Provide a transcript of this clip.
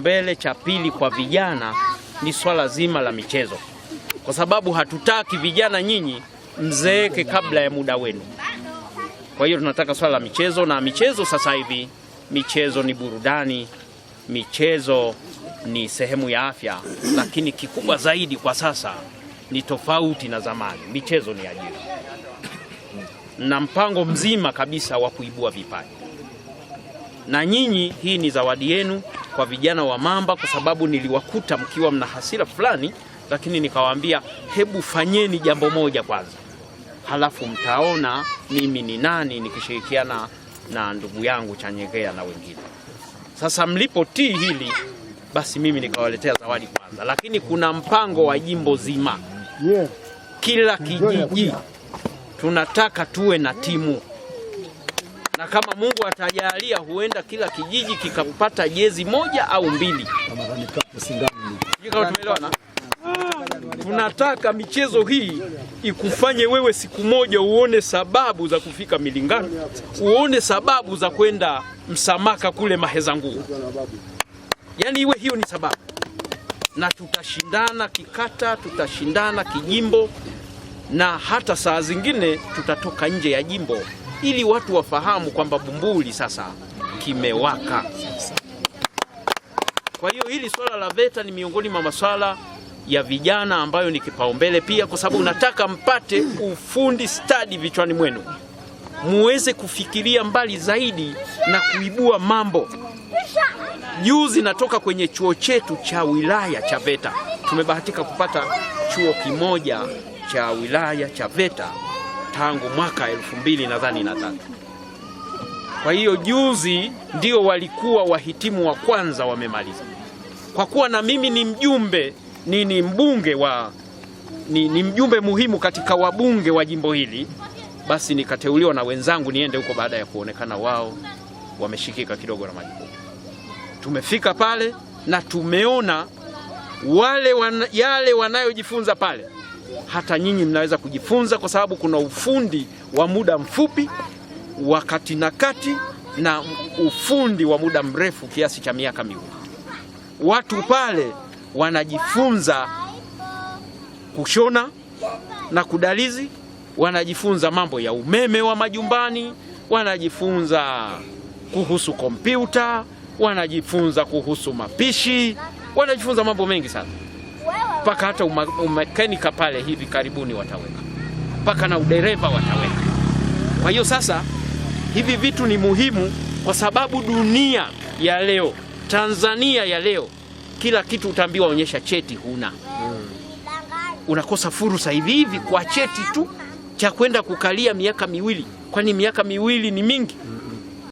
mbele cha pili kwa vijana ni swala zima la michezo, kwa sababu hatutaki vijana nyinyi mzeeke kabla ya muda wenu. Kwa hiyo tunataka swala la michezo, na michezo sasa hivi, michezo ni burudani, michezo ni sehemu ya afya, lakini kikubwa zaidi kwa sasa ni tofauti na zamani, michezo ni ajira na mpango mzima kabisa wa kuibua vipaji, na nyinyi, hii ni zawadi yenu kwa vijana wa Mamba kwa sababu niliwakuta mkiwa mna hasira fulani, lakini nikawaambia hebu fanyeni jambo moja kwanza, halafu mtaona mimi ni nani nikishirikiana na ndugu yangu Chanyegea na wengine. Sasa mlipo tii hili, basi mimi nikawaletea zawadi kwanza, lakini kuna mpango wa jimbo zima, kila kijiji tunataka tuwe na timu na kama Mungu atajalia, huenda kila kijiji kikapata jezi moja au mbili. Tumeelewana? Tunataka michezo hii ikufanye wewe siku moja uone sababu za kufika Milingano, uone sababu za kwenda Msamaka kule maheza nguu yaani iwe hiyo ni sababu, na tutashindana kikata, tutashindana kijimbo na hata saa zingine tutatoka nje ya jimbo ili watu wafahamu kwamba Bumbuli sasa kimewaka. Kwa hiyo hili swala la VETA ni miongoni mwa maswala ya vijana ambayo ni kipaumbele pia, kwa sababu nataka mpate ufundi stadi vichwani mwenu, muweze kufikiria mbali zaidi na kuibua mambo. Juzi natoka kwenye chuo chetu cha wilaya cha VETA, tumebahatika kupata chuo kimoja cha wilaya cha VETA tangu mwaka elfu mbili nadhani na tatu. Kwa hiyo juzi ndio walikuwa wahitimu wa kwanza wamemaliza. Kwa kuwa na mimi ni mjumbe ni, ni mbunge wa ni, ni mjumbe muhimu katika wabunge wa jimbo hili, basi nikateuliwa na wenzangu niende huko baada ya kuonekana wao wameshikika kidogo na majukumu. Tumefika pale na tumeona wale wana, yale wanayojifunza pale hata nyinyi mnaweza kujifunza, kwa sababu kuna ufundi wa muda mfupi, wakati na kati, na ufundi wa muda mrefu kiasi cha miaka miwili. Watu pale wanajifunza kushona na kudalizi, wanajifunza mambo ya umeme wa majumbani, wanajifunza kuhusu kompyuta, wanajifunza kuhusu mapishi, wanajifunza mambo mengi sana mpaka hata umekanika pale hivi karibuni wataweka, mpaka na udereva wataweka. Kwa hiyo sasa hivi vitu ni muhimu, kwa sababu dunia ya leo, Tanzania ya leo, kila kitu utaambiwa onyesha cheti, huna hmm. Unakosa fursa hivi hivi kwa cheti tu cha kwenda kukalia miaka miwili, kwani miaka miwili ni mingi hmm.